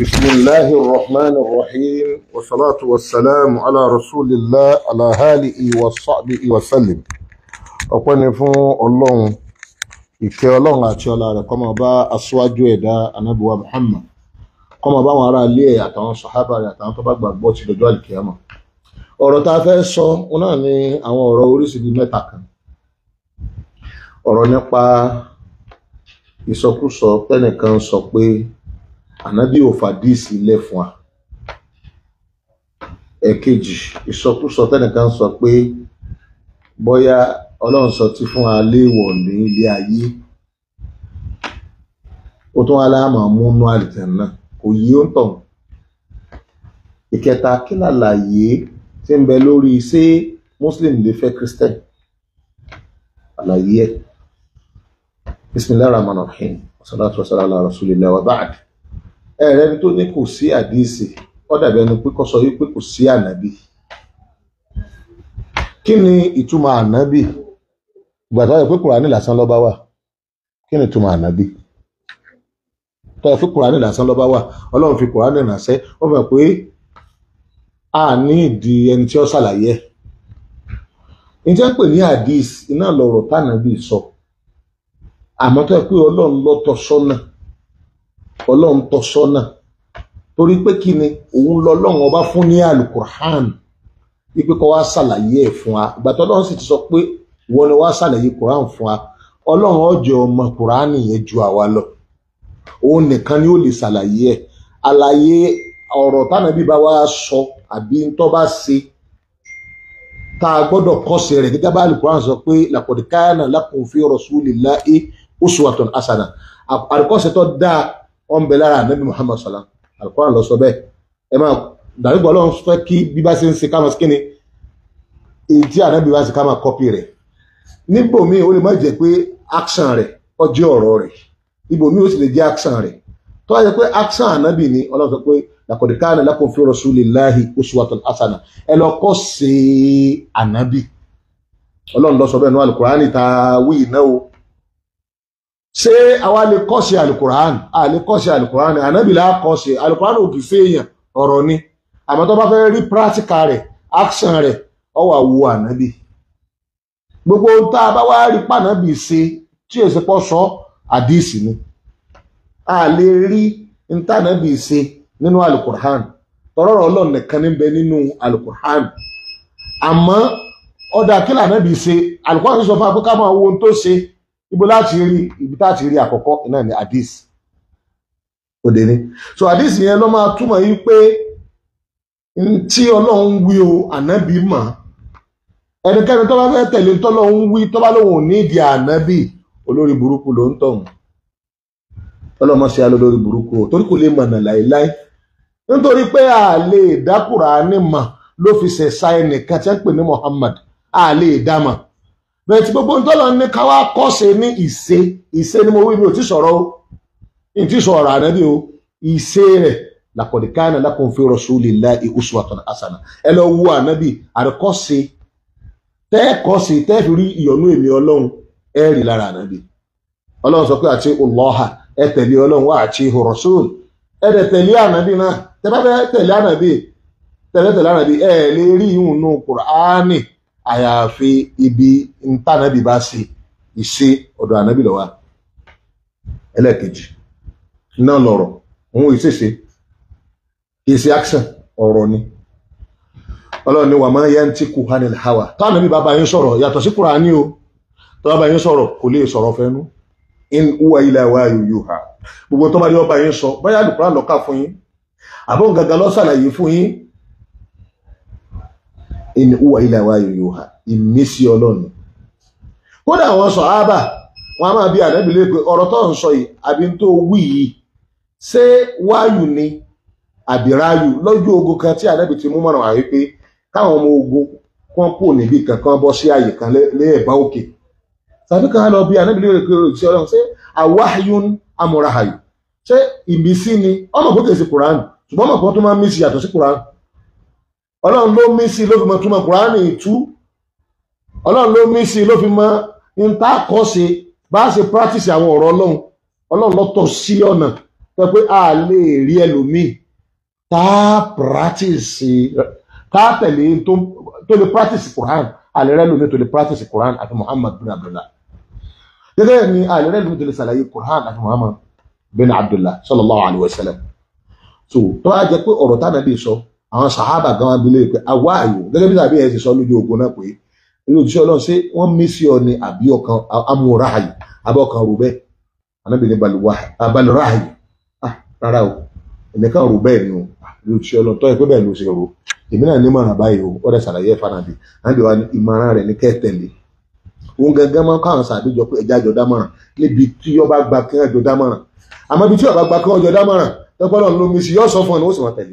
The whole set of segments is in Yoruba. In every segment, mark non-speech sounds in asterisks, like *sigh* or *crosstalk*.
بسم الله الرحمن الرحيم والصلاة والسلام على رسول الله على آله وصحبه وسلم ọpẹ́ ni fún ọlọ́run ìfẹ́ ọlọ́run àti ọlá rẹ̀ kó máa bá aṣáájú ẹ̀dá anábìwá muhammad kó máa bá àwọn ará ilé ẹ̀ àtàwọn ọ̀rọ̀ a fẹ́ sọ wọn náà àwọn ànábì ò fàdíìsì ilẹ̀ fún wa ẹ̀kejì ìsọkúsọ tẹnìkan sọ pé bóyá ọlọ́run sọ ti fún wa léèwọ̀ ní ilé ayé ó tún wá láàmà múnú àlìjẹ̀n náà kò yí ó ń tàn ìkẹta kí làlàyé tí ń bẹ lórí ṣé muslim lè fẹ́ christian àlàyé ẹ̀ bismillahir rahmanir rahim wa salatu wa salam ala rasulillah wa ba'd. ẹ̀rẹ́ tó ní kò sí àdìsí ó dàbí ẹni pé sọ kò sí ànábì kí ni ìtumọ̀ ànábì ìgbà tó yẹ pé kùránì lásán wà kí ni ìtumọ̀ ọlọ́run a ẹni tí ó ṣàlàyé pè ní iná lọ̀rọ̀ sọ àmọ́ tó yẹ pé ọlọ́run ọlọ́run tọ́ sọ́nà torí pé kí ni òun lọ lọ́run ọba fún ní alukur'an wípé kọ́ wá ṣàlàyé ẹ̀ fún wa ìgbà tó lọ́run sì ti sọ pé wọn ni wá ṣàlàyé kur'an fún wa ọlọ́run ọjọ́ ọmọ kur'an yẹn ju àwa lọ òun nìkan ni ó lè ṣàlàyé ẹ̀ àlàyé ọ̀rọ̀ tánàbí bá wá sọ àbí tó bá ṣe tá a gbọ́dọ̀ kọ́sẹ̀ rẹ̀ gẹ́gẹ́ bá alukur'an sọ pé laqad kana lakum fi rasulillahi uswatun hasana àkọ́sẹ̀ tó dáa ọ̀n bẹ lára ànábì muhammad sọlá alukóra lọ sọ bẹ́ẹ̀ ẹ máa dàrúgbọ́ ọlọ́run fẹ́ kí bíbá ṣe ń ṣe kámọ́ skinny ìdí ànábì wá sí kámọ́ kọ́pì rẹ̀ níbòmí ó lè má jẹ́ pé action rẹ̀ ọjọ́ ọ̀rọ̀ rẹ̀ ibòmí ó sì lè jẹ́ action rẹ̀ tó wáyé pé action ànábì ni ọlọ́run sọ pé laqad kana lakum fi rasulillahi uswatun hasana ẹ lọ kọ́ sí ànábì ọlọ́run lọ sọ bẹ́ẹ̀ ní alukurani se àwa lè kọ́ṣe alukur'an a kọ́ṣe alukur'an ànábìlà kọ́ṣe alukur'an ò kì í fèèyàn ọ̀rọ̀ ni àmọ́ tó bá fẹ́ rí practical rẹ̀ action rẹ̀ ọ wà wo ànábì gbogbo ohun tá a bá wá rí pànábì ṣe tí èsì sọ àdìsí ni a rí ntànábì ṣe nínú alukur'an tọrọ Ọlọ́run nìkan nínú alukur'an àmọ́ ọ̀dà kí ṣe alukur'an sọ fún akókò àwọn ohun tó ṣe. ibo láti rí ibi táti rí àkọ́kọ́ náà ni hadis òde ni so hadis yẹn ló máa túmọ̀ yí pé tí ọlọ́run wí o ànábì mọ̀ ẹnikẹ́ni tó bá fẹ́ tẹ̀lé tọ́lọ́run wí tó bá lóun ò ní ìdí ànábì olórí burúkú ló ń tọ̀hún ọlọ́mọ ṣe alólórí burúkú o torí kò lè mọ̀nà láéláé nítorí pé a lè dá Kùránì mọ̀ ló fi ṣẹ̀ṣà ẹnìkan tí wọ́n pè ní Muhammad a lè dá mọ̀ bẹ̀rẹ̀ tí gbogbo ń tọ́lọ ní káwá kọ́ṣe ní ìṣe ìṣe ni mo wí mi ò tí sọ̀rọ̀ o ní tí sọ̀rọ̀ ànábì o ìṣe rẹ̀ laqad kana lakum fi rasulillahi uswatun hasana ẹ lọ wo ànábì àríkọ́ṣe tẹ́ẹ̀kọ́ṣe tẹ́ẹ̀fì rí ìyọ́nú èmi ọlọ́run ẹ rí lára ànábì ọlọ́run sọ pé àti ọlọ́ha ẹ tẹ̀lé ọlọ́run wá àti rasul ẹ dẹ̀ tẹ̀lé ànábì náà tẹ́ bá fẹ́ tẹ̀lé ànábì tẹ̀lé tẹ̀lé ànábì ẹ lè rí ìhùn nù kùránì àyàfi ibi ntànàbì ba si ìṣe ọdọ ànábì lọ́wọ́ ẹlẹ́ẹ̀kejì náà lọ̀rọ̀ òun ìṣèṣe kì action ni ọlọ́run ni wà máa yẹn ti hawa táwọn ẹbí bàbá yín sọrọ yàtọ̀ sí Kùránì o tó bàbá yín sọrọ kò lè sọrọ in uwa ilẹ̀ wa ha gbogbo tó bá yọ sọ báyà lùkúrà lọ́ka fún yín àbọ̀ gàgà lọ́sàlàyé fún in uwa ilẹ̀ wa yòyò ha ìmísí ọlọ́run kódà àwọn sọ̀hábà wọn a máa bí ànábì lé pé ọ̀rọ̀ tó ń sọ yìí àbí tó wí yìí ṣé wáyù ni àbí ráyù lọ́jọ́ ogun kan tí ànábì ti mú mọ̀nà wá wípé káwọn ọmọ ogun kan kò níbi kankan bọ́ sí àyè kan lẹ́ẹ̀bá òkè tàbí kan lọ bí ànábì lé pé òṣìṣẹ́ ọlọ́run ṣé àwáyún amúrahàyù ṣé ìmísí ni ọmọ ògbókè sí kùránù ṣùgbọ́n ọmọ kan tó máa ń mí yàtọ̀ sí kùránù ọlọ́run ló mí sí ló fi mọ túmọ̀ kùránì tú ọlọ́run ló mí sí ló fi mọ níta kọ́ ṣe bá a ṣe practice àwọn ọ̀rọ̀ ọlọ́run ọlọ́run lọ́tọ̀ sí ọ̀nà tó pé a lè rí ẹlòmíì tá a practice tá a tẹ̀lé tó lè practice kùránì àlè lómi tó lè practice kùránì àti Muhammad bin Abdullah gẹ́gẹ́ ni àlè rẹ lómi tó lè ṣàlàyé Quran. àti Muhammad bin Abdullah sallallahu alayhi wa so tó a jẹ pé ọ̀rọ̀ tá a nàbí sọ. So, àwọn sàhábà gan wá bilé pé àwa àyò gẹ́gẹ́ bí tàbí ẹ̀ ti sọ lójú ogun náà pé ilé òjíṣẹ́ ọlọ́run ṣé wọ́n mí sí ọ ni àbí ọkàn amúra àyè àbí ọkàn rò bẹ́ẹ̀ anábìrin balùwà àyè rárá o èmi rò bẹ́ẹ̀ ni o ah, ilé òjíṣẹ́ ọlọ́run tọ́ ẹ pé bẹ́ẹ̀ ló ṣe rò èmi náà nímọ̀ràn báyìí o ó dẹ̀ ṣàlàyé fanabi àbí wa ìmọ̀ràn rẹ̀ ní kẹ́tẹ̀lé òun gangan máa ń káwọn sàbíjọ pé ẹja jọ dámọ̀ràn níbi tí yọ bá kí wọ́n jọ dámọ̀ràn àmọ́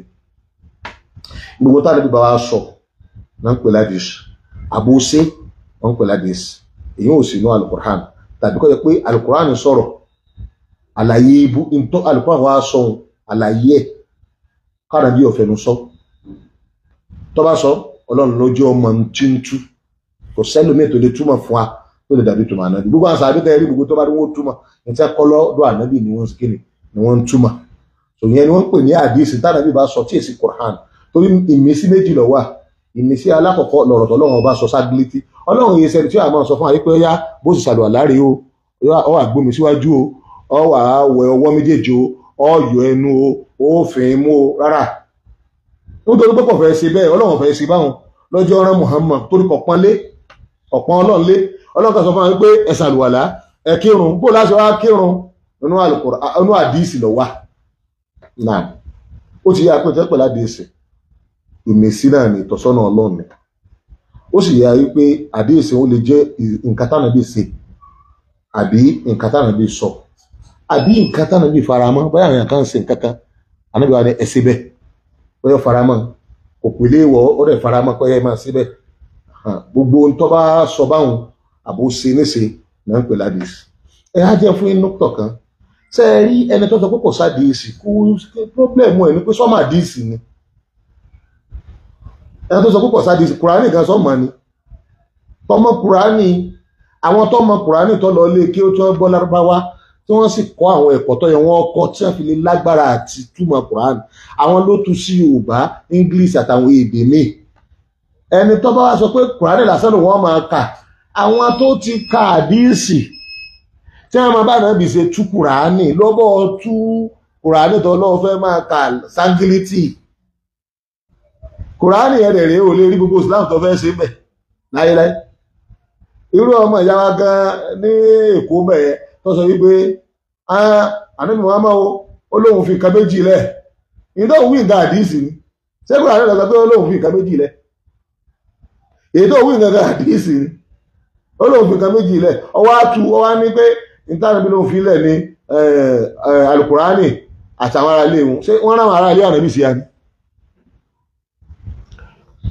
gbogbo táwọn ẹbí bá wa sọ náà ń pè ládìs àbòsí wọn ń pè ládìs èyí ò sì nú alukur'an tàbí kọ́ yẹ pé alukur'an sọ̀rọ̀ àlàyé ibú ntọ́ alukur'an wa sọ ohun àlàyé ẹ̀ kára bí ọ̀fẹ́nu sọ tó bá sọ ọlọ́run lójú ọmọ tí ń tú kò sẹ́lómi tó lè túmọ̀ fún wa tó lè dàbí túmọ̀ ànábì gbogbo àṣà àbíkẹ́ rí gbogbo tó rí wọ́n túmọ̀ níta kọ́lọ́ dọ́ ànábì ni wọ́n ń kíni ni wọ́n túmọ̀ tòun yẹn ni wọ́n ń pè ní àdìsí tánàbì bá sọ tí èsì kùrán torí ìmísí méjì ló wà ìmísí alákọ̀ọ́kọ́ lọ̀rọ̀ tó lọ́wọ́ ọba sọ sábìlítì ọlọ́run yìí sẹ́ni tí a máa sọ fún wa pé yá bó sì ṣàlùwà láre o ọ wà gbómi síwájú o ọ wà wẹ ọwọ́ méjèèjì o ọ yọ ẹnu o ó fìn mú o rárá nítorí pé kò fẹ́ ṣe bẹ́ẹ̀ ọlọ́run fẹ́ ṣe báwọn lọ́jọ́ rán Muhammad torí kọ̀pọ́n lé ọ̀pọ̀n ọlọ́run lé ọlọ́run kan sọ fún wa pé ẹ ṣàlùwàlá ìmísí náà ni ìtọ́sọ́nà ọlọ́run ni ó sì yára wípé àdéhìsí ó lè jẹ́ nǹkan tánà bí ṣe àbí nǹkan tánà bí sọ àbí nǹkan tánà bí faramọ́ báyà àwọn kan ṣe nǹkan kan ànábi wa ni ẹ ṣe bẹ́ẹ̀ bóyá faramọ́ kò pè léèwọ̀ ó dẹ̀ faramọ́ pé ẹ máa ṣe bẹ́ẹ̀ gbogbo ohun tó bá sọ báwọn àbò ṣe níṣe náà ń pè ládìsí ẹ á jẹ́ fún inú tọ̀ kan ṣe é rí ẹni tó sọ pé kò sádìsí kú pírọ́blẹ̀mù ẹ̀ ní pé sọ́mà dìsí ni ẹni tó sọ púpọ̀ sáà di kùránì kan sọ́mọ ni tọmọ kùránì àwọn tọmọ kùránì tó lọ lé kí ó tó gbọ́ lárúbáwá tí wọ́n sì kọ́ àwọn ẹ̀kọ́ tó yẹ wọ́n kọ́ tí wọ́n fi lè lágbára àti túmọ̀ kùránì àwọn ló tu sí yorùbá english àtàwọn èdè míì ẹni tó bá wá sọ pé kùránì lásán lòun máa kà àwọn tó ti ka àdíìsì tí wọ́n máa bá náà bì ṣe tú kùránì lọ́bọ̀ tú kùránì tó lọ́ọ́ fẹ́ máa kà sangilítì kùránì ẹ̀rẹ̀ rèé ò lè rí gbogbo islam tó fẹ́ ṣe bẹ̀ láyéláyé irú ọmọ ìyá wa gan ní èkó mẹ́yẹ tó sọ wípé ànábì muhammad ó lóun fi nǹkan méjì lẹ̀ ìdó òwú àdìsí ni ṣé kùránì lọ́sọ pé ó lóun fi nǹkan méjì lẹ̀ ìdó òwú àdìsí ni ó lóun fi nǹkan méjì lẹ̀ ọwọ́ atu ọwọ́ ní pé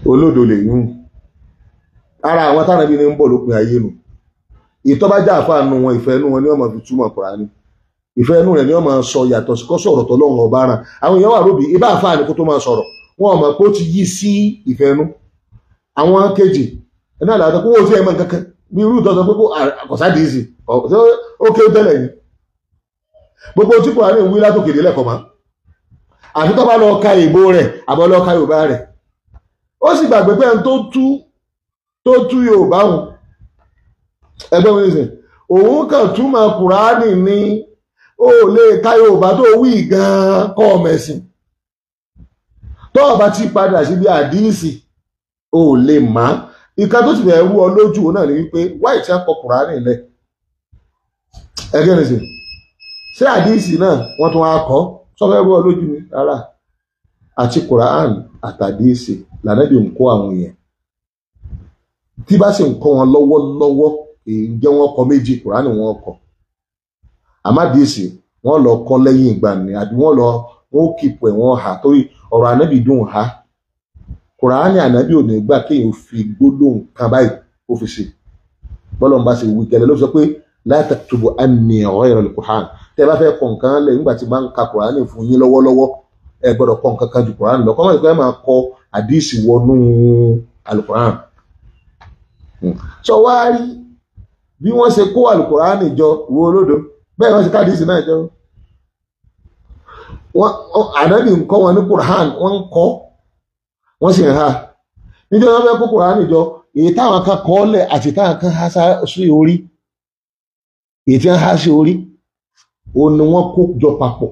olódò lèyún ara àwọn tánàbí ní ń bọ̀ lópin ayé nù ìtọ́ àfáànù wọn ìfẹ́ inú wọn ni wọ́n máa fi túmọ̀ ìfẹ́ inú rẹ̀ ni wọ́n máa sọ yàtọ̀ sí sọ̀rọ̀ ọba àwọn èèyàn wà ibà kó tó máa sọ̀rọ̀ wọn mọ̀ pé ó ti sí ìfẹ́ àwọn kejì ẹ̀ mọ̀ kankan bí ó sì gbàgbé pé ẹni tó tú tó tú Yorùbá hùn ẹgbẹ́ mi nìsín òun kàn túmọ̀ Kùránì ní ó lè ka Yorùbá tó wí gan-an kọ́ ọmẹ̀sìn tó o bá ti padà síbi àdíìsì ó lè má ìka tó ti bẹ̀rẹ̀ wú ọ lójú náà ni wípé wáì tí a kọ Kùránì lẹ̀ ẹgbẹ́ mi nìsín ṣé àdíìsì náà wọ́n tún wá kọ́ sọ́fẹ́ wú ọ lójú mi rárá àti Kùránì àtàdíèsè lànàbì ń kọ́ àwọn yẹn tí bá sì ń kọ́ wọn lọ́wọ́lọ́wọ́ èyí jẹ́ wọn kọ méjì kùránì wọn kọ àmàdíèsè wọn lọ kọ́ lẹ́yìn ìgbà ni àbí wọn lọ wọn ó kìpọ̀ ẹ̀ wọn hà torí ọ̀rọ̀ ànábì dùn ha kùránì ànábì ò ní gbà kéèyàn fi gbólóhùn kan báyìí ó fi ṣe bọ́lọ̀ ń bá ṣe wí gẹ́lẹ́ ló sọ pé látàtúbù àmì ọ̀rọ̀ ìrọ̀lẹ̀ kùránì tẹ́ bá fẹ́ kọ̀ nǹkan lẹ̀ nígbà tí bá ń ka kùránì fún yín lọ́wọ́lọ́wọ́ ẹ gbọ́dọ̀ kọ́ nǹkan kan ju Quran lọ kọ́mọ̀ ìpínlẹ̀ máa kọ àdíìsì wọnú alukoran hmm. sọ chọwari bí wọ́n ṣe kó alukoran jọ wo olódo bẹ́ẹ̀ wọ́n ṣe ká àdíìsì náà Wọ́n ànábì ń kọ́ wọn ní Quran wọ́n ń ha wọn fẹ́ kó jọ èyí táwọn kan kọ́ lẹ̀ àti táwọn kan sí orí èyí tí wọ́n há sí orí òun ni wọ́n kó jọ papọ̀.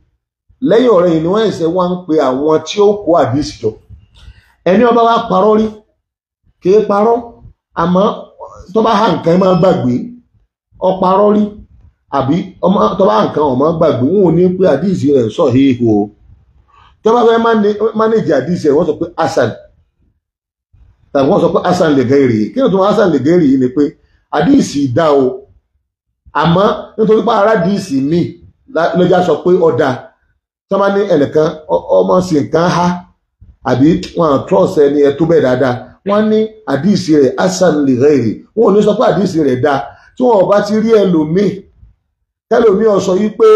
lẹ́yìn ọ̀rẹ́ yìí ni wọ́n ẹ̀sẹ̀ wá ń pe àwọn tí ó kó àdìsí jọ ẹni ọba wa parọ́ rí kìí parọ́ àmọ́ tó bá ha nǹkan máa gbàgbé ó parọ́ rí àbí tó bá nǹkan ó máa gbàgbé wọn ò ní pé àdìsí rẹ̀ sọ híhù o tó bá fẹ́ mánéjì àdìsí rẹ̀ wọ́n sọ pé asan tàbí wọ́n sọ pé asan lè gẹ́rì kí ni tó máa asan lè gẹ́rì yìí ni pé àdìsí dá o àmọ́ nítorí pé ara àdìsí mi lọ́jà sọ pé ó dáa tí wọ́n bá ní ẹnìkan ọmọ sí nǹkan ha àbí wọn à trọ́ọ̀sì ẹni ẹ tó bẹ́ẹ̀ dáadáa wọ́n ní àdìsí rẹ̀ hasan lè rẹ̀ èrè wọn ò ní sọ pé àdìsí rẹ̀ dáa tí wọn ò bá ti rí ẹlòmíì tẹlòmíì ó sọ yìí pé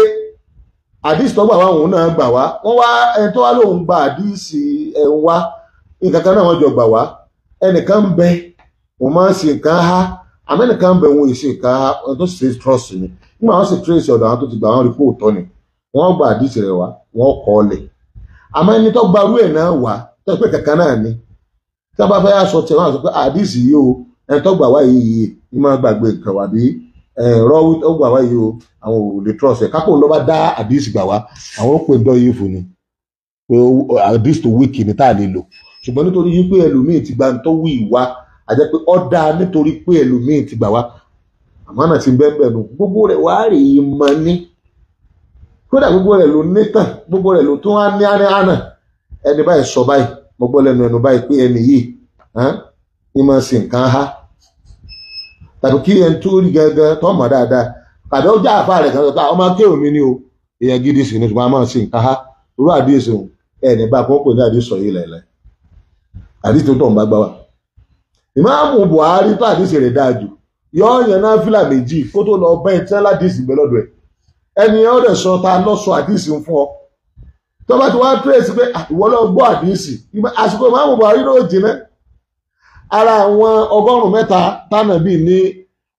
àdìsí tó gbà wá òun náà gbà wá wọn wá ẹni tó wá lóun gba àdìsí ẹ ń wá nǹkan kan náà wọn jọ gbà wá ẹnìkan bẹ wọn máa ń ṣe nǹkan ha àmọ́ ẹnìkan ń bẹ wọn ò nǹkan ha wọn tó ṣe trust ni nígbà wọn sì trace ọ̀dọ̀ àwọn tó ti gbà wọn rí pé òótọ́ ni wọn gba àdìsí rẹ̀ wá wọn kọ́ ọ̀lẹ̀ àmọ́ ẹni tó gbarú ẹ̀ náà wà tó pé náà ni tí a bá fẹ́ aṣọ tiẹ̀ wọ́n á pé àdìsí yìí o ẹni tó gbà wá yìí ni máa gbàgbé nǹkan wà bí ẹ̀rọ gbà wá yìí o àwọn ò lè ẹ̀ kápò bá dá àdìsí gbà wá àwọn ni pé àdìsí tó ni tá lè lò ṣùgbọ́n nítorí yìí pé ẹlòmíì ti gba tó wí àjẹ́ pé ọ́ dáa nítorí pé ẹlòmíì ti gbà wá kódà gbogbo rẹ̀ ló nítàn gbogbo rẹ̀ ló tún á ní àná ẹni báyìí sọ báyìí mo gbọ́ lẹ́nu ẹnu báyìí pé ẹni yìí ni mo sì nǹkan há tàbí kí ẹni tó rí gangan tó mọ̀ dáadáa tàbí ó já àfa rẹ̀ kan sọ́tà ah, ọmọ akéwò mi ni o èèyàn gidi sì ni ṣùgbọ́n a máa sì nǹkan há irú àdéhùn òun ẹni bá kó pè ní àdéhùn sọ yìí lẹ́lẹ́ àdéhùn tó tọ̀ ń bá gbá wa. ìmáàmù Buhari tó àdéhùn rẹ̀ dáa jù yọ ọ́ yẹn náà fìlà méjì kó tó lọ bẹ́ẹ̀ tí wọ́n ládìsí ẹni ọ̀rẹ́ sọ ta lọ́sọ àdìsí fún ọ tọ́ba tí wọ́n á tírèsì pé ah, ìwọ lọ gbọ́ àdìsí àsìkò ìmáàmù Buhari ló jìnnà ara àwọn ọgọ́rùn-ún mẹ́ta tánàbí ní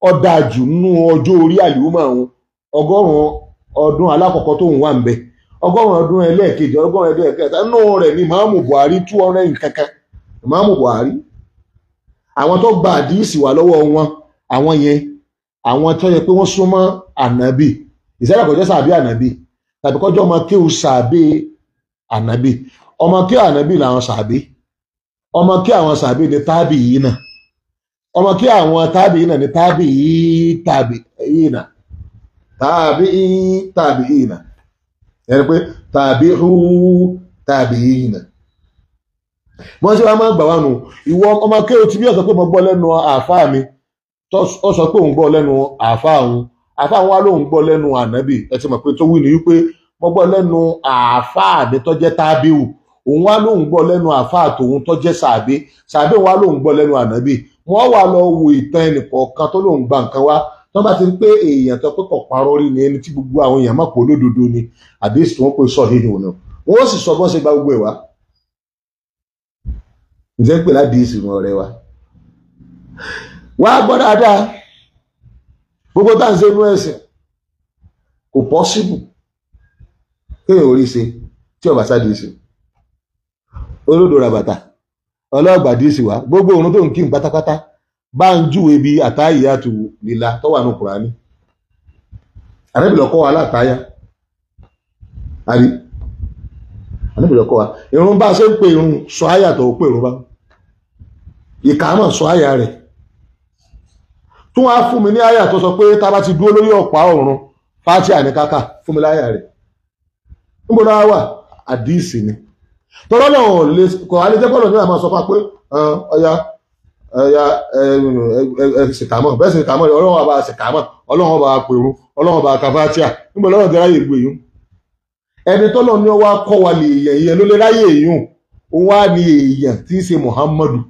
ọ̀dàjù nínú ọjọ́ orí àlùmọ̀ àwọn ọgọ́rùn-ún ọdún alákọ̀ọ́kọ́ tó ń wà ń bẹ ọgọ́rùn-ún ọdún ẹlẹ́ẹ̀kejì ọgọ́rùn-ún ọdún ẹlẹ́ẹ̀kẹta nínú rẹ̀ ni ìmáàmù Buhari two hundred nkankan ìmáàmù Buhari àwọn tó gba àdìsí wà lọ́wọ́ wọn àwọn yẹn àwọn tó yẹ pé wọ́n súnmọ́ ànábì ìsẹ́lẹ̀ kọjọ́ sàbí ànábì tàbí kọjọ́ ọmọ kéwù sàbí ànábì ọmọ kéwù ànábì làwọn sàbí ọmọ kéwù àwọn sàbí ni tábì yìí náà ọmọ kéwù àwọn tábì yìí náà ni tábì yìí tábì yìí náà tábì yìí tábì yìí náà yẹn pé tàbí hú tàbí yìí náà wọ́n ṣe wá máa gbà wá nù ìwọ ọmọ kéwù tí bí ọ̀sán pé mo gbọ́ lẹ́nu àáfàá mi tó sọ pé òun gbọ́ lẹ́nu àáfàá òun àfáà wa lòun gbọ́ lẹ́nu ànábì ẹ ti mọ̀ pé tó wí ni wípé mo gbọ́ lẹ́nu àáfáà mi tó jẹ́ tábíù òun wa lòun gbọ́ lẹ́nu àáfáà tòun tó sàbí sàbí wa lòun gbọ́ lẹ́nu ànábì wọ́n wà lọ wo ìtàn ẹnìkọ̀ọ̀kan tó lòun gba nǹkan wá tó bá ti rí pé èèyàn tó pé kọ̀parọ́ rí ni ẹni tí gbogbo àwọn èèyàn mọ̀ pé olódodo ni àdéhùn tí wọ́n pè sọ híhìn òun wọ́n sì sọ bọ́n ṣe gba gbogbo ẹ̀ wá ǹjẹ́ pè ládìí ìsìn ọ̀rẹ́ wa wá gbọ́ dáadáa gbogbo taz enu esi o posibu kee ya ori ise tia obasa di ise. Oludora bata, olee ọgba diisi wa? Gbogbo omedo nke npatapata banju ebi ata ihe atụ lila tọwa n'okpura n'i. Amebiloko wa alaka ya. Erumba se pe iru shwaya ta ọ pe irumba. Yika ama shwaya rị. tún wá fún mi ní àyà tó sọ pé taba a bá ti dúró lórí ọ̀pá ọ̀run fájí àníkáká fún mi láyà rẹ̀ náà wà àdíìsì ni tọ́rọ́ náà lè kọ́ alẹ́jẹ́kọ́lọ̀ sọ wa pé ọya ẹ̀yà ẹ̀sìkàmọ̀ bẹ́ẹ̀ sìkàmọ̀ ọlọ́run ọba sìkàmọ̀ ọlọ́run ọba pèrún ọlọ́run ọba kàfátíà nígbà ẹni ni wọ́n kọ́ wa lè ló ó wá ní Muhammadu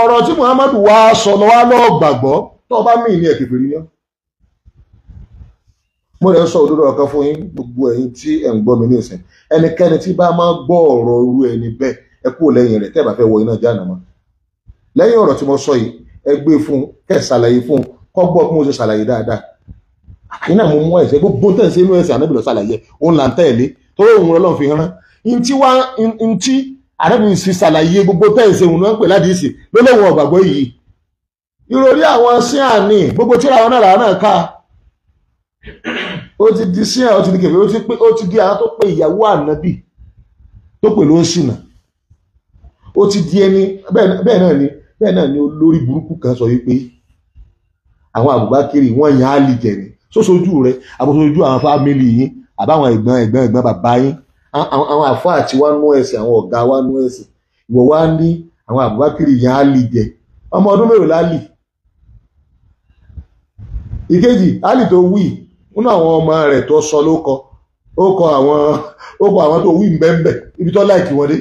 ọ̀rọ̀ tí Muhammadu wá sọ lọ́wọ́ tó bá mí ní ẹ̀kẹ̀kẹ̀ rí ní ọ́ mo rẹ̀ ń sọ òdodo ọ̀kan fún yín gbogbo ẹ̀yin tí ẹ̀ ń gbọ́ mi ní ìsìn ẹnikẹ́ni tí bá máa gbọ́ ọ̀rọ̀ irú ẹni bẹ́ẹ̀ ẹ kúrò lẹ́yìn rẹ̀ tẹ́ẹ̀ bá fẹ́ wọ iná jáàná mọ́ lẹ́yìn ọ̀rọ̀ tí mo sọ yìí ẹ gbé e fún kẹ́ ṣàlàyé fún kọ́ gbọ́ bí mo ṣe ṣàlàyé dáadáa àyìn mo mú ẹ̀sẹ̀ gbogbo tẹ̀ ìròrí àwọn síà ni gbogbo tíra àwọn náà náà ká ó ti di síà ó ti di kèfé ó ti di àwọn tó pe ìyàwó ànábì tó pè ló ń ṣìnà ó ti di ẹni bẹ́ẹ̀ náà ni bẹ́ẹ̀ náà ni olórí burúkú kan sọ wípé àwọn àbùbákiri wọ́n yàn á lì jẹ̀ni sóṣojú rẹ àbòsojú àwọn fámìlì yín àbáwọn ẹ̀gbọ́n ẹ̀gbọ́n ẹ̀gbọ́n bàbá yín àwọn àfọ àti wá nú ẹ̀sìn àwọn ọ̀gá wá nú ẹ̀sìn ìwọ wá ní àwọn àbùbákiri yàn á lì jẹ ọmọ ọdún mélòó lá ìkejì ali tó wí nínú àwọn ọmọ rẹ̀ tó sọ ló kọ ó kọ àwọn ó kọ àwọn tó wí mbẹ́mbẹ́ ibi tó láìkí wọn dé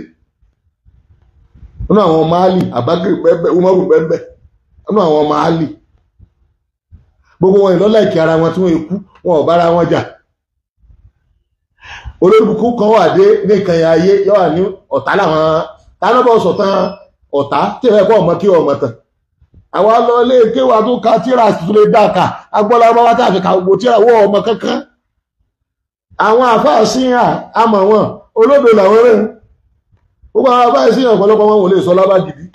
nínú àwọn ọmọ ali abakiri mbẹ́mbẹ́ umaru mbẹ́mbẹ́ nínú àwọn ọmọ gbogbo wọn ara wọn tí wọ́n wọn ò bára wọn jà olórúkú kan wà dé ní nǹkan ayé yọ́wà ní ọ̀tá làwọn tánàbọ̀ sọ̀tàn ọ̀tá tí ìfẹ́ kọ́ ọmọ àwa lọ ilé kéwàá tó ka tíra tó lè dá ka agbọ́lá bá wá tàbí ka gbogbo tíra wọ́ ọmọ kankan àwọn àfáà síyàn àmọ̀ wọn olódò làwọn rẹ̀ gbogbo àwọn àfáà síyàn ọ̀pọ̀lọpọ̀ wọn ò lè sọ lábàgìdì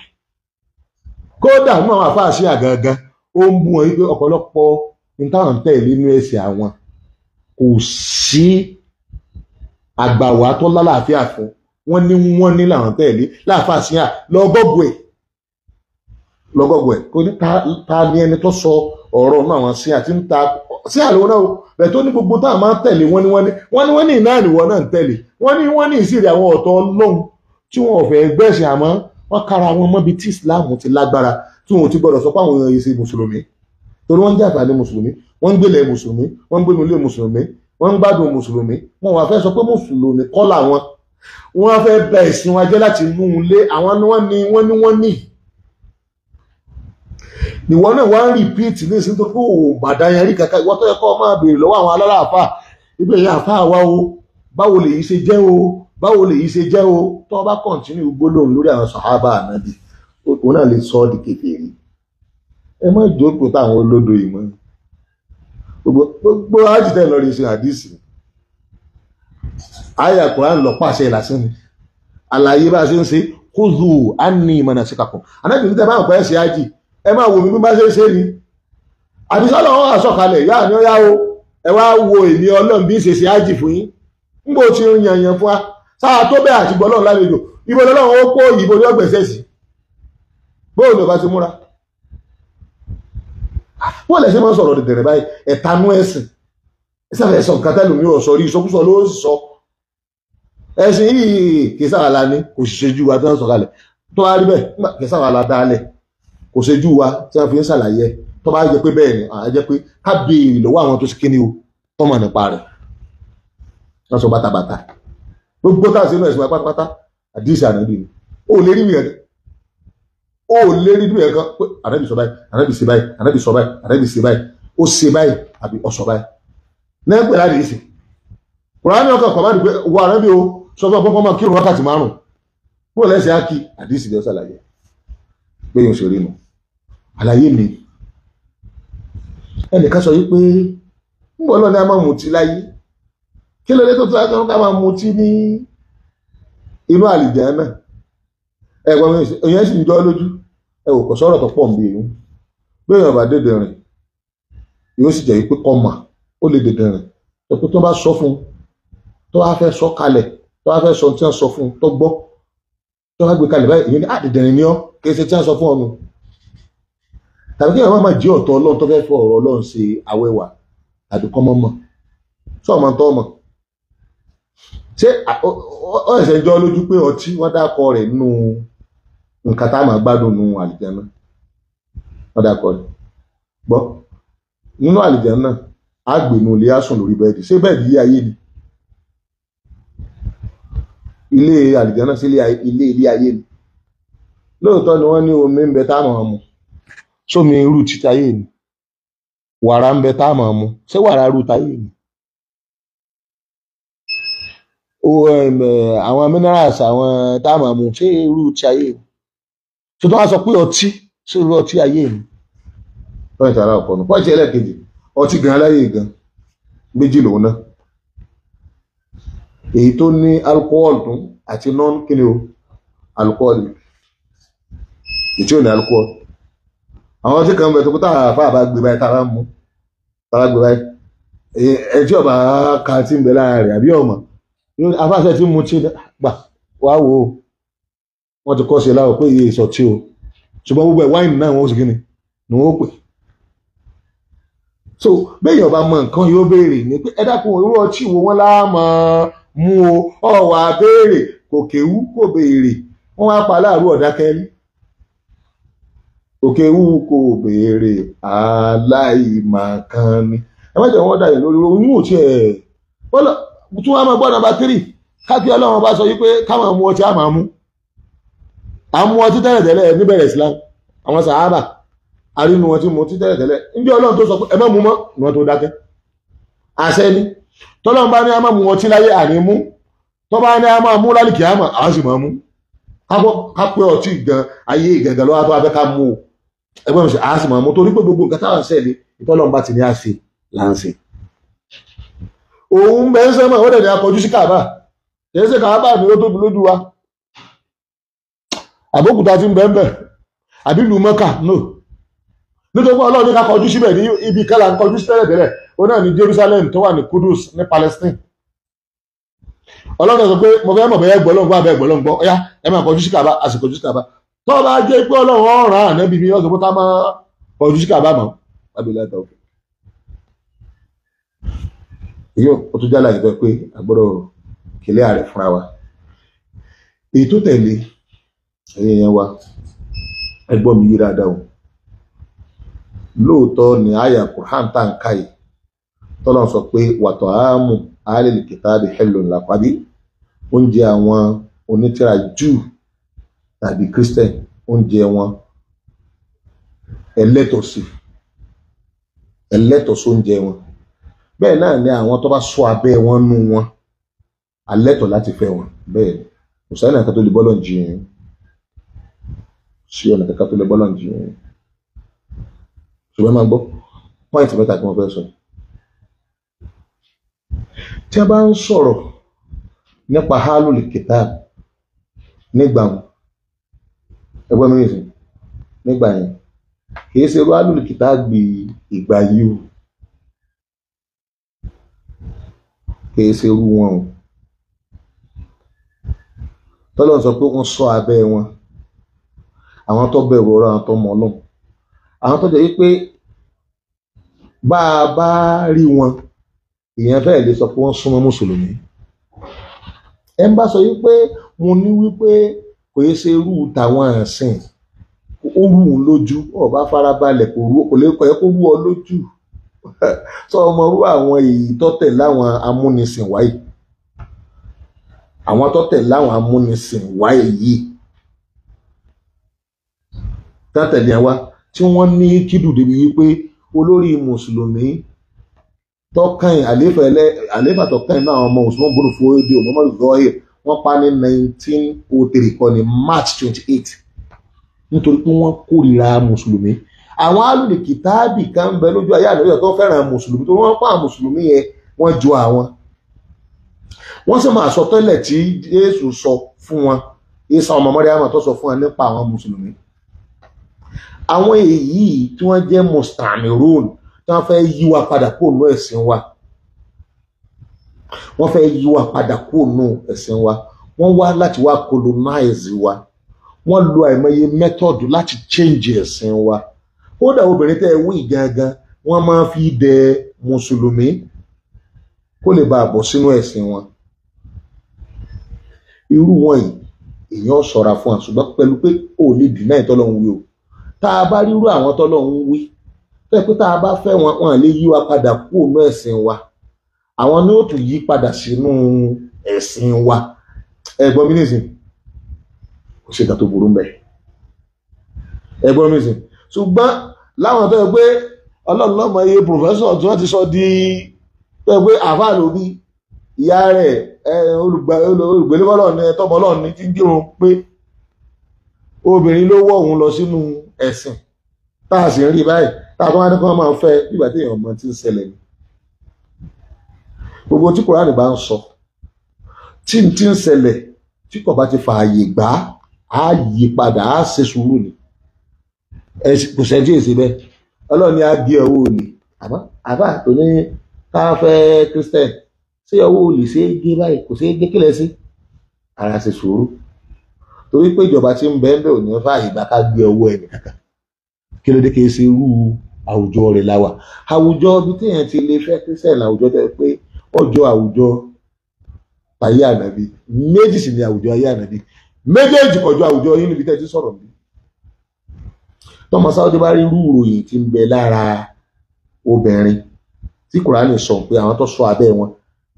kódà mú àwọn àfáà síyàn gangan ó ń mú wọn wípé ọ̀pọ̀lọpọ̀ nǹkan tẹ̀lé inú ẹ̀sìn àwọn kò sí àgbàwá tó lálàáfíà fún wọn ní wọn ní làwọn tẹ̀lé láàfáà síyàn lọ gbọ́gbọ́ ẹ̀ lọ́gọ́gọ́ ẹ̀ kò ní ta ni ẹni tó sọ ọ̀rọ̀ náà wọn sí àti ń ta sí àlọ́ náà rẹ̀ tó ní gbogbo tá a máa ń tẹ̀lé wọ́n ní wọ́n ní wọ́n ní wọ́n ní ìná ìwọ náà ń tẹ̀lé wọ́n ní wọ́n ní ìsìrì àwọn ọ̀tọ̀ ọlọ́run tí wọn ò fẹ́ gbẹ̀sìn àmọ́ wọ́n kára wọn mọ́bi tí Islam ti lágbára tí wọn ò ti gbọ́dọ̀ sọ pé àwọn èèyàn yìí ṣe mùsùlùmí torí wọ́n ń jàpá ní mùsùlùmí wọ́n ń gbélé mùsùlùmí wọ́n ń gbénu ilé mùsùlùmí wọ́n ń gbádùn mùsùlùmí wọn wá fẹ́ sọ pé mùsùlùmí kọ́ làwọn wọ́n fẹ́ bẹ ìsìn wọn jẹ́ láti inú ilé àwọn ni wọ́n ní wọ́n ní wọ́n ní ìwọ náà wá ń rìpíìtì ní ìsìn tó kó bàdá yẹn rí kankan ìwọ tó yẹ kó máa béèrè lọ́wọ́ àwọn alára àfà ibi àfà wa o báwo lè yí ṣe jẹ́ o báwo lè yí ṣe jẹ́ o tó o bá kọ̀ǹtínú gbólóhùn lórí àwọn sàhábà ànábì òun náà lè sọ ọ́ di kékeré ẹ má jókòó táwọn olódo ìmọ̀ gbogbo ájìtẹ́ lọ rí ṣe àdìsí àyà Kùránì lọ pàṣẹ ìlàsìn ni àlàyé bá a ṣe ń ṣe kúzù á ní ìmọ̀ náà ṣe kàkọ́ ànábì níta báwọn pẹ́ ṣe ẹ máa wò mí bí bá ṣe ṣe ni àbí sọ́lọ́ wọn àsọ̀kalẹ̀ yá àní ọ̀yá o ẹ wá wo èmi ọlọ́run bí ṣe ṣe ájì fún yín ń bò tí ń yànyàn fún wa sáà tó bẹ́ẹ̀ àti gbọ́lọ́run lálejò ibo lọ́lọ́run ó kó ìbò ní ọgbẹ̀sẹ̀ sí bóò lè bá ti múra wọ́n lè ṣe máa ń sọ̀rọ̀ dẹ̀dẹ̀rẹ̀ báyìí ẹ̀tanú ẹ̀sìn ẹ̀sẹ̀fẹ̀ sọ nǹkan tẹ́lùmí ò sọ rí ìsọkúsọ ló ń sọ ẹ̀sìn yìí kìí sáwàlá ni kò sì ṣe ju wa tó ń sọ kalẹ̀ tó wá rí bẹ́ẹ̀ kìí sáwàlá dálẹ̀ kò ṣejú wa tí wọ́n fi ń ṣàlàyé tó bá jẹ́ pé bẹ́ẹ̀ ni àá jẹ́ pé ká béèrè lọ́wọ́ àwọn tó ṣe kíni o tó mọ̀ nípa rẹ̀ wọ́n sọ bàtàbàtà gbogbo tá a ṣe inú ẹ̀sìn wa pátápátá àdìsí ànábì ni ó lè rí ìyẹn ó lè rí ìyẹn kan pé ànábì sọ báyìí ànábì ṣe báyìí ànábì sọ báyìí ànábì ṣe báyìí ó ṣe báyìí àbí ó báyìí lẹ́gbẹ̀ẹ́ láti ìsìn kùránì ọkọ̀ kọ̀ bá dùn pé wọ ànábì gbẹ̀yìn òṣèré nu àlàyé mi ẹnìkan sọ wípé ń bọ̀ lọ́nà a máa mutí láyé kí ló dé tó tó a máa mutí ní inú àlìjẹ́ náà ẹ̀gbọ́n èèyàn sì ń jọ lójú ẹ ò kò sọ̀rọ̀ tó pọ̀ ń bí èyí bí èèyàn bá dédè rìn yóò sì jẹ́ pé kọ́mà ó lè dédè rìn tó bá sọ fún tó bá fẹ́ sọ kalẹ̀ tó bá fẹ́ sọ tí wọ́n sọ fún tó gbọ́ tí wọ́n gbé kalẹ̀ báyìí ní ah, ni ọ́ fún ọnu tàbí kí jí ọ̀tọ̀ ọlọ́run ọ̀rọ̀ ọlọ́run ṣe awẹ́wà tàbí kọ́mọ́ mọ̀ sọ ọmọ mọ̀ ṣé ọ jọ lójú pé ọtí dákọ rẹ̀ nínú nǹkan tá a máa gbádùn nínú àlìjáná wọ́n dákọ rẹ̀ gbọ́ nínú àlìjáná àgbènú ilé á lórí bẹ́ẹ̀dì ṣé bẹ́ẹ̀dì yí ayé ni ilé àlìjánná sí ilé ilé ayé ni lóòótọ́ ni wọ́n ní omi ń bẹ táàmù ọmọ sómi irú títa yé ni wàrà ń bẹ táàmù ọmọ ṣé wàrà irú ta yé ni àwọn minerals àwọn táàmù ọmọ ṣé irú ti ayé ni tuntun wá sọ pé ọtí ṣé irú ọtí ayé ni pọ́ìntì aláwọ̀ kọ́nu pọ́ìntì ẹlẹ́ẹ̀kejì ọtí gan aláyè gan méjì lòun náà èyí tó ní alcohol dùn àti non kíni o alcohol èyí ò ní alcohol àwọn tí kan bẹ tó kó tá àfa àbá gbé báyìí tá a bá mú tá a bá gbé báyìí ẹ tí ọba ka ti ń bẹ lára rẹ àbí ọmọ afáṣẹ tí mo ti gbà wá wò ó wọn ti kọ́ sí láwọ pé iye ìsọtí o ṣùgbọ́n gbogbo ẹ̀ wáìnì náà wọn ó sì kí ni ni wọn ó pè so bẹ́ẹ̀ ọba mọ nǹkan yóò béèrè ni pé ẹ dákun irú ọtí wo wọn láàmọ́ mú o ọ̀wà béèrè kò kéwú kò béèrè wọ́n wá pa láàrú ọ̀dákẹ́rí òkè kò béèrè aláìmọ̀kan ni ẹ má jẹ́ wọ́n lórí oyún ò tiẹ̀ bọ́lá tún wá máa bá sọ wípé káwọn mú ọtí mú àmú ọtí tẹ́lẹ̀tẹ́lẹ̀ níbẹ̀rẹ̀ Islam àwọn ọtí mú ọtí tẹ́lẹ̀tẹ́lẹ̀ ọlọ́run tó sọ pé ẹ má mú mọ́ ni tọ́lọ́run bá ní a máa mú ọtí láyé àní mú tó bá ní a máa mú lálìkì àmọ́ àwọn sì máa mú ká pé ọtí gan ayé ìgangan lọ́wọ́ tó abẹ́ ká mú o ẹgbẹ́ mi sọ àwọn sì máa mú torí pé gbogbo nǹkan táwọn ṣẹ̀ ni tọ́lọ́run bá ti ní àṣe là òun bẹ́ẹ̀ sẹ́mọ̀ ó dẹ̀ ní akọjú sí kàbá kì ṣe kàbá mi ó tóbi lójú wa àbókúta ti ń bẹ́ẹ̀ bẹ́ẹ̀ àbí lùmọ́kà no nítorí pé ọlọ́run ní ká kọjú síbẹ̀ ní ibi kẹ́là ń kọjú sí tẹ́lẹ̀ tẹ́lẹ̀ ó náà ní Jerusalem tó wà ní Kudus ní Palestine ọlọ́run sọ pé mo fẹ́ mọ̀ bẹ́ẹ̀ gbọ́lọ́ngbọ́ abẹ́ gbọ́lọ́ngbọ́ ọ̀yá ẹ máa kọjú sí kàbá àsìkò jù sí kàbá tó bá jẹ́ pé ọlọ́run ọ̀ràn ànábì mi ọ̀sọ̀ pé ká máa kọjú sí kàbá mọ́ abẹ́lẹ́ ẹ̀ta òkè. èyí ò tún jálà ìgbẹ́ pé àgbọ̀rọ̀ kìlẹ̀ ààrẹ fúnra wa èyí tó tẹ̀lé ẹ̀yẹ yẹn wa ẹgbọ́n mi yí dáadáa o lóòótọ́ ni àyà Kùrán tá à ń ká yìí tọ́lọ̀ sọ pé wàtọ̀ áàmù alil kitabi hillun lakum àbí oúnjẹ àwọn onítìrà jù tàbí christian oúnjẹ wọn ẹlẹ́tọ̀sí ẹlẹ́tọ̀sí oúnjẹ wọn bẹ́ẹ̀ náà ni àwọn tó bá sọ abẹ́ wọn nú wọn alẹ́tọ̀ láti fẹ́ wọn bẹ́ẹ̀ ni kò sáyẹn náà kátó lè bọ́lọ̀ ń jiyàn sí ọ̀nà kankan lè bọ́lọ̀ ń jiyàn ṣùgbọ́n máa gbọ́ pọ́ìntì mẹ́ta tí wọ́n fẹ́ sọ yìí tí a bá ń sọ̀rọ̀ nípa hálùlì kìtáàbù nígbà wọn ẹgbẹ́ mi nìsín nígbà yẹn kì í ṣe irú hálùlì kìtáàbù ìgbà yìí o kì í ṣe irú wọn o tọ́lọ́n sọ pé wọ́n sọ abẹ́ wọn àwọn tó bẹ̀rù ọ̀rọ̀ àwọn tó mọ̀ ọlọ́run àwọn tó jẹ́ wípé bá a bá rí wọn èèyàn fẹ́ẹ̀ lè sọ pé wọ́n súnmọ́ mùsùlùmí ẹ ń bá sọ yìí pé mo ní wípé kò yẹ ṣe irú tàwọn àǹsìn ó rú un lójú ọba farabalẹ̀ kò rú kò lè kọ́ ẹ kó rú ọ lójú *laughs* sọ ọmọ rú àwọn èyí tọ́tẹ̀ láwọn amúnisìn wáyé àwọn tọ́tẹ̀ láwọn amúnisìn wáyé yìí tátẹ̀lé tí wọ́n ní kídùn débi wípé olórí mùsùlùmí tọ́kàn àléfà ẹlẹ́ àléfà tọ́kàn náà ọmọ Usman bùnú fún oédè Muhammadu Zohir wọ́n pa ní nineteen oh three kan ní March twenty eight nítorí pé wọ́n kórìíra mùsùlùmí àwọn alùdìkì táàbì kan bẹ lójú ayé àlejò tó fẹ́ràn mùsùlùmí tó wọ́n pa mùsùlùmí yẹn wọ́n ju àwọn wọ́n sì máa sọ tẹ́lẹ̀ tí Jésù sọ fún wọn Ìsá ọmọ Màríámà tó sọ fún wọn nípa àwọn mùsùlùmí àwọn èyí tí wọ́n jẹ́ mustamirun tí wọ́n fẹ́ yí wa padà kúrò nù ẹ̀sìn wa wọ́n fẹ́ yí wa padà kúrò nù ẹ̀sìn wa wọ́n wá láti wá colonize wa wọ́n lo àìmọye method láti change ẹ̀sìn wa kódà obìnrin tẹ́ ẹ wí gangan wọ́n máa fi dẹ mùsùlùmí kó lè bá a bọ̀ sínú ẹ̀sìn wọn irú wọn yìí èèyàn ṣọ́ra fún àṣùgbọ́n pẹ̀lú pé ò lè dìnnà ìtọ́lọ́hún wí o tá a bá rírú àwọn tọ́lọ́hún wí fẹ́ pé tá a bá fẹ́ wọn wọn lè yí wa padà kúrò ní ẹ̀sìn wa àwọn ni ó tún yí padà sínú ẹ̀sìn wa ẹ̀gbọ́n mi nìsín kò ṣe ìgbà tó burú mbẹ́ ẹ̀gbọ́n mi nìsín ṣùgbọ́n láwọn tó yẹ pé ọlọ́run lọ́mọ iye pòfẹ́sọ̀ tí wọ́n ti sọ di tó yẹ pé àáfàá ló bí ìyá rẹ̀ olùgbélébọ́lọ̀ ni tọ́bọ́lọ̀ ni tí ń dí òun pé obìnrin ló wọ́ òun lọ sínú ẹ̀sìn tá a sì ń rí báyìí táwọn adé kan máa ń fẹ́ bíbá tí èèyàn mọ ti ń ṣẹlẹ̀ ni gbogbo tí kòránì bá ń sọ tí n ti ń ṣẹlẹ̀ tí kò bá ti fààyè gbà á yí padà á ṣe sùúrù ni kò sẹ́ńtì èsì bẹ́ẹ̀ ọlọ́run ni á bí ọwọ́ òní àbá tó ní ká fẹ́ christian ṣé ọwọ́ òní ṣe é gé báyìí kò ṣe é gé kílẹ̀ sí ara ṣe sùúrù torí pé ìjọba tí ń bẹ́ẹ̀ bẹ́ẹ̀ ò ní fààyè gbà ká gbé ọwọ́ ẹnì kí ló dé kí n ṣe irú àwùjọ rẹ̀ la wà àwùjọ ibi téèyàn ti lè fẹ́ kírísítẹ́nì àwùjọ tẹ pé ọjọ́ àwùjọ ayé ànábì méjì sì ni àwùjọ ayé ànábì méjèèjì kọjọ àwùjọ yín níbi tẹ́ ti sọ̀rọ̀ bí tọmọ sáwọ́dé bá rí irú ìròyìn tí ń bẹ lára obìnrin tí kùránì sọ pé àwọn tó sọ abẹ́ wọn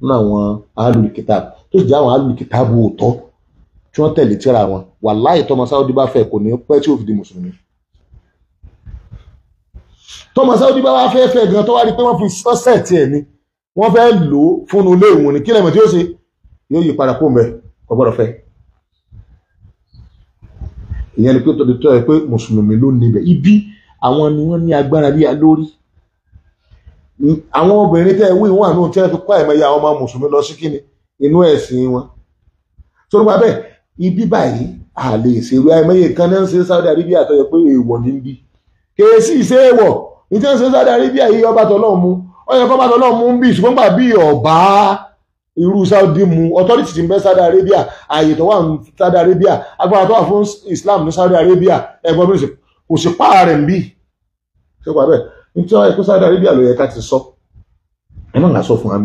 nínú àwọn alùkìtàbù tó sì jẹ́ àwọn alùkìtàbù òótọ́ tí wọ́n tẹ̀lé tíra wọn wàláì tọmọ sáwọ́dé bá fẹ́ kò ní pẹ́ tí ó fi di mùsùlùmí tọmọ sáwọ́dí bá wá fẹ́ fẹ́ gan tó wá rí pé wọ́n fi sọ́sẹ̀tì ẹ̀ ni wọ́n fẹ́ lò ó fún un léèwọ̀n ní kílẹ̀mọ̀ tí ó ṣe yóò yí padà kóun bẹ̀ kò gbọ́dọ̀ fẹ́. ìyẹn ni pé tó tọ́ ẹ pé mùsùlùmí ló níbẹ̀ ibi àwọn ni wọ́n ní agbára bí a lórí. àwọn obìnrin tẹ́ ẹ wí wọn àánú tẹ́ ẹ fi kọ́ ẹ̀mẹ́yà àwọn ọmọ mùsùlùmí lọ sí kíni inú ẹ̀sìn wọn. sọ́dọ̀ bá bẹ́ẹ̀ ibi báyìí àlè ìṣèwé ẹ̀mẹ́yẹ kan náà ń ṣe Saudi Arabia tó yẹ pé èèwọ̀ ní bí kèésì ìṣèwọ̀ ìtẹ́ ń ṣe Saudi Arabia yìí ọba tọ́lọ́ mu ọyọ kọ́ bá tọ́lọ́ mu ń bì ṣùgbọ́n gbà bí ọba irú Saudi mu authority ti ń bẹ Saudi Arabia ààyè tó wà ní Saudi Arabia agbára tó wà fún Islam ní Saudi Arabia ẹgbọ́n mi kò pa páà rẹ̀ ń bì ṣé pàbẹ́ nítorí ẹ̀kọ́ Saudi Arabia ló yẹ ká ti sọ ẹ má là sọ fún wa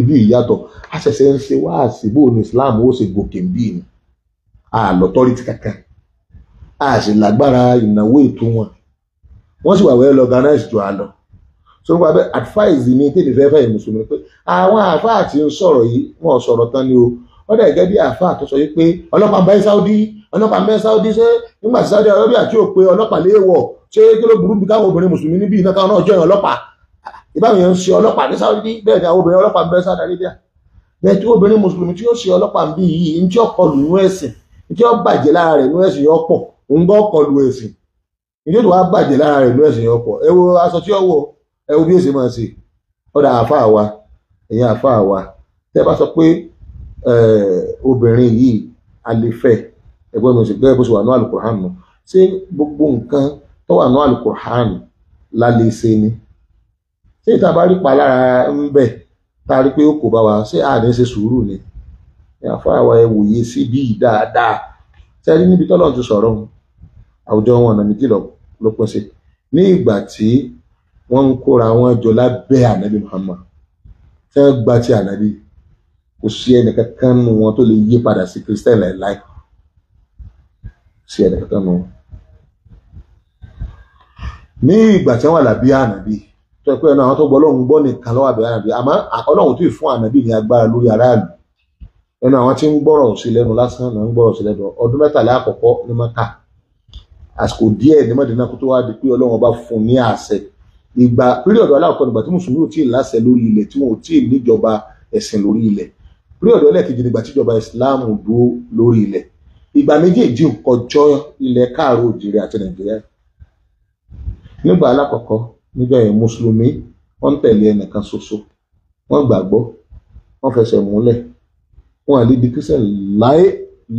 ibi ìyàtọ̀ a ṣẹ̀ṣẹ̀ ń ṣe wá àṣìbò ní Islam ó ṣe gòkè ń bì ní àlọ́tọ́rìtì kankan a sì lágbára ìnáwó ètò wọn wọ́n sì wà well organized jù á lọ so nípa bẹ́ẹ̀ advice mi tèmi fẹ́ fẹ́ mùsùlùmí pé àwọn àáfàá tí ń sọ̀rọ̀ yìí wọ́n sọ̀rọ̀ tán ni o wọ́n dẹ̀ gẹ́gẹ́ bí àáfàá tó sọ yìí pé ọlọ́pàá ń bẹ́ Saudi ọlọ́pàá ń bẹ́ Saudi ṣé nígbà tí Saudi Arabia tí ò pé ọlọ́pàá léèwọ̀ ṣé kí ló burú bí káwọn obìnrin mùsùlùmí níbí iná káwọn náà jọyìn ọlọ́pàá ìbáwọn èèyàn ń Saudi bẹ́ẹ̀ ni àwọn obìnrin Saudi Arabia bẹ́ẹ̀ tí obìnrin mùsùlùmí tí ó ṣe ọlọ́pàá ń bí yìí ní tí ó kọlù nú ìdí òtún wá bàjẹ́ lára rẹ̀ ló ẹ̀sìn ọ̀pọ̀ ẹ wo aṣọ tí ó wọ ẹ wo bí èsì máa ṣe ọ̀dà àáfàá wa ẹ̀yìn àáfàá wa tẹ́ bá sọ pé obìnrin yìí alẹ́fẹ́ ẹgbẹ́ mi ṣùgbọ́n bó ṣe wà ní alukur'an nù ṣé gbogbo nǹkan tó wà ní alukur'an la lè ṣe ni ṣé ìta bá rí pa lára ń bẹ̀ tá a rí pé ó kò bá wa ṣé àdé ṣe sùúrù ni àáfàá wa ẹ wòye síbí dáadáa ṣe rí níbi tọ́lọ́ àwùjọ wọn ọ̀nà méjì ló pín sí ní ìgbà tí wọ́n ń kóra wọn jọ lábẹ́ ànábì Muhammad tí wọ́n gba ti ànábì kò sí ẹnì kankan nu wọn tó lè yí padà sí kírísítẹ́nì láìláì kò sí ẹnì kankan nu wọn. ní ìgbà tí wọ́n wà lábẹ́ ànábì tó ẹ pé ẹnu àwọn tó gbọ́ ọlọ́run gbọ́ nìkan lọ́wọ́ àbẹ̀rẹ̀ ànábì àmọ́ ọlọ́run tó fún ànábì ní agbára lórí aráàlú ẹnu àwọn tí ń gbọ́rọ̀ sí lẹ́nu lásán náà ń gbọ́rọ̀ sí lẹ́nu ọdún mẹ́tàlá àkọ́kọ́ ní mọ́ta àsìkò díẹ̀ ní Mọdínà kó tó wá di pé Ọlọ́run ọba fún ní àṣẹ ìgbà píríọ̀dù aláwọ̀kọ́ nígbà tí mùsùlùmí ò tí ì láṣẹ lórí ilẹ̀ tí wọn ò tí ì níjọba ẹ̀sìn lórí ilẹ̀ píríọ̀dù ẹlẹ́ẹ̀kejì nígbà tíjọba ìsìláàmù dúró lórí ilẹ̀ ìgbà méjèèjì kọjọ ilẹ̀ káàró òjìrì àti Nàìjíríà nígbà alákọ̀ọ́kọ́ nígbà yẹn mùsùlùmí wọ́n tẹ̀lé ẹnìkan ṣoṣo wọ́n gbàgbọ́ wọ́n fẹsẹ̀ múlẹ̀ wọ́n àlè di láé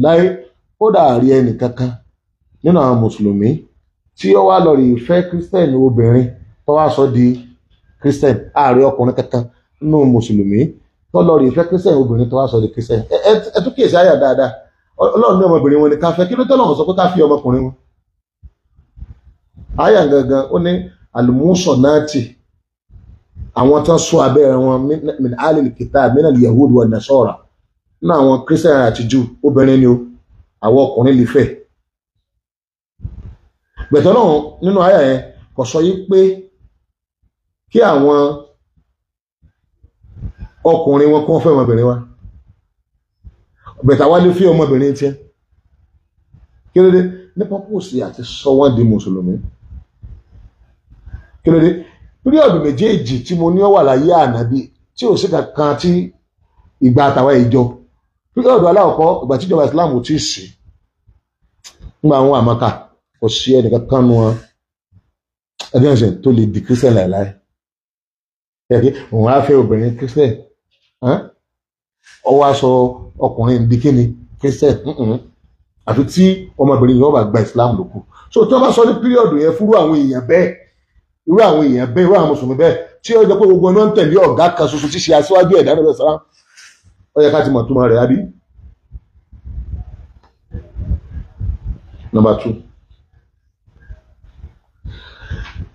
láé kódà àrí ẹnìkankan nínú àwọn mùsùlùmí tí ó wá lọ rí fẹ́ kírísítẹ́nì obìnrin tó wá sọ di kírísítẹ́nì ààrẹ ọkùnrin kankan nínú mùsùlùmí tó lọ rí fẹ́ kírísítẹ́nì obìnrin tó wá sọ di kírísítẹ́nì ẹ tún kíyèsí àyà dáadáa ọlọ́run ní ọmọbìnrin wọn ni ká fẹ́ kí ló tọ́lọ́run sọ pé ká fi ọmọkùnrin wọn. àyà gangan ó ní àlùmúsọ̀ náà tì àwọn tán sọ abẹ́ wọn min alil kitab min al yahud wa nasara náà àwọn kírísítẹ́nì àti obìnrin ni o àwọn ọkùnrin lè fẹ́ẹ́ gbẹ̀tọ́ náà nínú àyà yẹn kò sọ yí pé kí àwọn ọkùnrin wọn kún fẹ́ ọmọbìnrin wa bẹ̀tà wá lè fi ọmọbìnrin tiẹ̀ kí ló dé ní pọ́pọ́sì àti sọ wọ́n di mùsùlùmí kí ló dé píríọ̀dù méjèèjì tí mo ní ó wà láyé ànábì tí ò sí kankan tí ìgbà àtàwọn ìjọ píríọ̀dù aláwọ̀kọ́ ìgbà tíjọba ìsìláàmù ti sì ń gba àwọn àmọ́ka kò sí ẹnìkan kan nu wọn ẹgbẹ́ ọ̀sẹ̀ tó lè di kírísítẹ̀ láìláì ẹ̀kẹ́ òun á fẹ́ obìnrin kírísítẹ̀ ọwọ́ aṣọ ọkùnrin di kíni kírísítẹ̀ àfi tí ọmọbìnrin yìí wọ́n bá gba ìsìlámù lókù so tí wọ́n bá sọ ní píríọ̀dù yẹn fúrú àwọn èèyàn bẹ́ẹ̀ irú àwọn èèyàn bẹ́ẹ̀ irú àwọn mùsùlùmí bẹ́ẹ̀ tí ó jẹ́ pé gbogbo náà ń tẹ̀lé ọ̀gá kan ṣoṣo ṣíṣe aṣíwájú ẹ̀dá náà sọ́ra ó ká ti mọ̀ tó máa rẹ̀ àbí. number two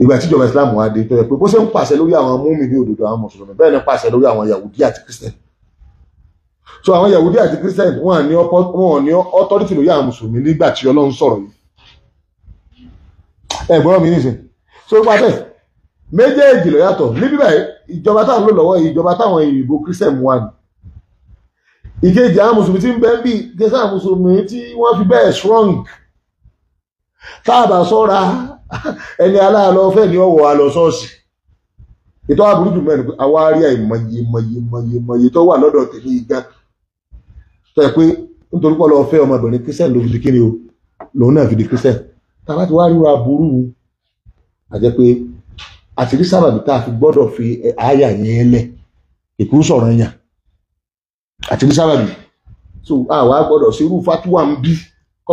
ìgbà tíjọba islam wá dé tó yẹ pé bó ṣe ń pàṣẹ lórí àwọn múmi ní òdodo àwọn mùsùlùmí bẹ́ẹ̀ ni pàṣẹ lórí àwọn yahudi àti christian so àwọn yahudi àti christian wọn ní authority lórí àwọn mùsùlùmí nígbà tí ọlọ́run sọ̀rọ̀ yìí ẹ gbọ́dọ̀ mi níṣe so nípa bẹ́ẹ̀ méjèèjì ló yàtọ̀ ní bíbá ìjọba táwọn lò lọ́wọ́ ìjọba táwọn ìbò christian wà ní ìkejì àwọn mùsùlùmí tí ń bẹ́ẹ̀ bí ìkejì àwọn mùsùlùmí tí wọ́n fi bẹ́ẹ̀ strong táàbà sọ́ra ẹni aláàlọ́ fẹ́ ní ọwọ́ alọ́sọ́ọ̀sì ìtọ́ àbúrú jù mẹ́rin àwọn arí àìmọye mọye mọye mọye tó wà lọ́dọ̀ tèmi igá tó ẹ pé nítorí pọ̀ lọ fẹ́ ọmọbìnrin ló fi di kíni o lòun náà fi di a ti wá ríra burú pé àti rí sábàbí tá a fi gbọ́dọ̀ fi àyà yẹn lẹ̀ ìkú sọ̀rọ̀ yàn àti rí so àwa sí irú fatuwa ń bí kò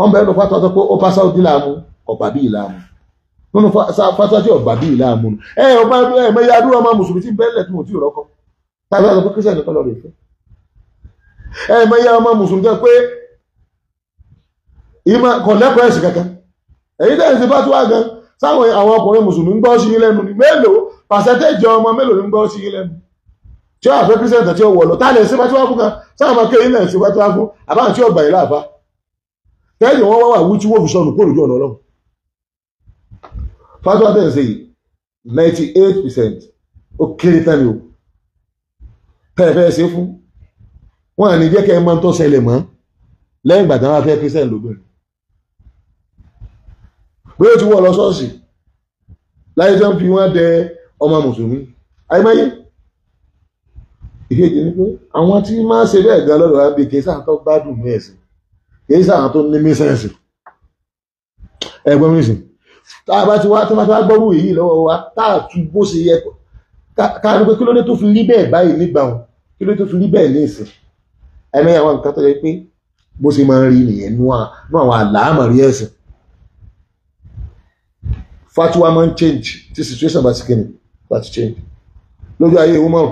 ọ̀n bẹ́ẹ̀ nù fatwa sọ pé ó pa Saudi láàmú ọ̀bà bíi láàmú nínú fatwa tí ọ̀bà bíi láàmú ẹ ọba ẹ mẹyà adúlọ ọmọ mùsùlùmí tí bẹ́ẹ̀lẹ̀ tí mo ti rọ́kọ tàbí àtọ́ pé kírísítẹ̀ nìkan lọ́ọ́ rẹ̀ fẹ́ ẹ mẹyà ọmọ mùsùlùmí jẹ́ pé ìmọ̀ kò lẹ́kọ̀ọ́ ẹ̀sìn kankan èyí tẹ̀ ẹ̀sìn fatwa gan sáwọn àwọn ọkùnrin mùsùlùmí ń gbọ́ sí lẹ́nu ni mélòó pàṣẹ́tẹ̀jọ ọmọ mélòó ni ń gbọ́ sí lẹ́nu tí ó àfẹ́ kírísítẹ̀ tẹ́yìn wọ́n wá wí tí wọ́n fi sọnù kó lójú ọ̀nà ọlọ́run fatuwa tẹ̀ ṣe ninety eight percent ó kéré tẹ́lẹ̀ o tẹ́lẹ̀ fẹ́ ṣe fún wọn à ní jẹ́ kẹ́ ẹ máa ń tọ́ ṣẹlẹ̀ mọ́ lẹ́yìn ìgbà tí wọ́n fẹ́ kírísítẹ̀n lóbìnrin bí ó ti wọ̀ lọ ṣọ́ọ̀ṣì láyé tó ń fi wọ́n dẹ ọmọ mùsùlùmí ayébáyé ìkejì ni pé àwọn tí máa ń ṣe bẹ́ẹ̀ gan lọ́dọ̀ wa bèkè sáà tó gbádùn mú ẹ̀sìn èyí sàrán tó ní mísẹ́ǹsì ẹgbẹ́ mísìn tá a bá ti tó bá gbọ́rù èyí lọ́wọ́ wa tá a tún bó ṣe yẹ ká ní pé kí ló dé tó fi rí bẹ́ẹ̀ báyìí nígbà wọn kí ló dé tó fi rí bẹ́ẹ̀ ní ìsìn ẹ̀mẹ́yà àwọn nǹkan tó yẹ pé bó ṣe máa ń rí nìyẹn nú àwọn àlàámà rí ẹ̀sìn fatuwa máa ń change tí situation bá ti kéde láti change lójú ayé Umar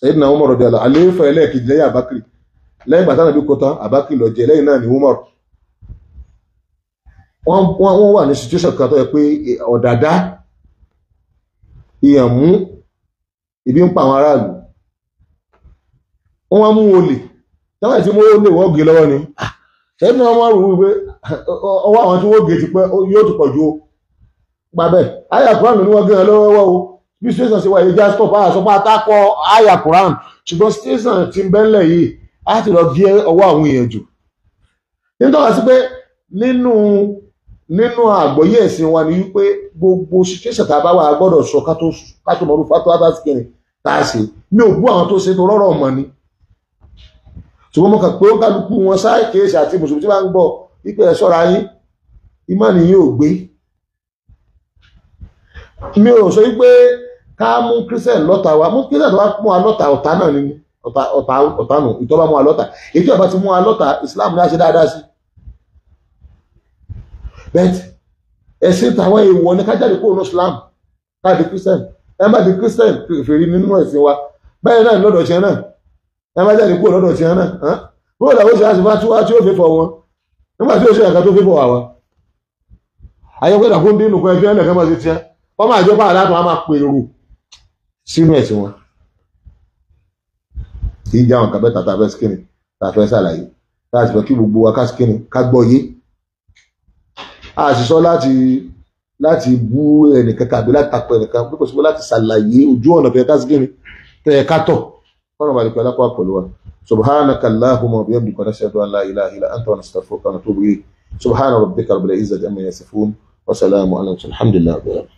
Sayyidina Umar radiyallahu anhu àlééfà ẹlẹ́ẹ̀kejì lẹ́yìn Abakri lẹ́yìn ìgbà tánàbí kó tán àbákì lọ jẹ lẹ́yìn náà ni Umar wọ́n wà ní situation kan tó yẹ pé ọ̀dàdá ìyàmú ibi ń pa àwọn aráàlú wọ́n wá mú olè táwọn ìtí mú olè wọ́n gé lọ́wọ́ ni ah, ṣẹ́ni wọ́n wá rú wípé ọwọ́ àwọn tí wọ́n gé ti pẹ́ yóò ti pọ̀ ju o pa bẹ́ẹ̀ àyà Kùránì ni wọ́n gé wọn lọ́wọ́ o bí situation ṣe wà yìí já stop àyà sọ fún atakọ àyà Kùránì ṣùgbọ́n situation ti ń bẹ́ńlẹ̀ yìí á ti lọ gé ọwọ́ àwọn èèyàn jù nítorí sí pé nínú nínú àgbọ́yé ẹ̀sìn wa ni wípé gbogbo situation tá a bá wà a gbọ́dọ̀ sọ ká tó mọ̀rú fátó abáṣekẹ̀rẹ̀ tá a ṣe ní ògbó àwọn tó ṣe tó rọ́rọ̀ mọ̀ ni ṣùgbọ́n mo kàn pé ó kálukú wọn sáà kéèṣì àti mùsùlùmí tí wọ́n ń gbọ́ wípé ẹ̀ ṣọ́ra yín ìmánì yín ò gbé mi ò sọ wípé ká mú kírísẹ̀ lọ́ta wa mú kírísẹ̀ tó wá mú wa lọ́ta ọ̀tá náà nínú ọ̀tá ọ̀tá ọ̀tá nù ìtọ́ bá mú wa lọ́tà èyí ti mú wa Islam ní a ṣe dáadáa sí bẹ́ẹ̀ ẹ̀sìn tàwọn èèwọ̀ ni kájáde kúrò ní Islam káàdì Christian ẹ má di Christian fèrè nínú ẹ̀sìn wa bẹ́ẹ̀ náà lọ́dọ̀ tiẹ̀ náà ẹ má jáde kúrò lọ́dọ̀ tiẹ̀ náà bó làwọn oṣù àti fatu wa tí ó fi fọ wọn nígbà tí oṣù àkàtó fi fọ wa wa ayọ́pẹ́ ìdàkúndínlùkọ́ ẹgbẹ́ ẹ̀lẹ́kẹ́ máa ti tí ń jẹ́ àwọn nǹkan a fẹ́ skinny tá a fẹ́ ṣàlàyé tá a sì fẹ́ kí gbogbo wa ká skinny ká gbọ́ yé a sì sọ láti láti bú ẹnìkan tàbí láti takò ẹnìkan bí kò sí pé láti ṣàlàyé ojú ọ̀nà tó yẹ ká skinny tó yẹ ká tọ̀ kọ́nà bá dìkọ̀ lápá pẹ̀lú wa subhanaka allahumma wa bihamdika nashhadu an la ilaha illa anta wa nastaghfiruka wa natubu subhana rabbi rabbil izzati amma yasifun wa salamun ala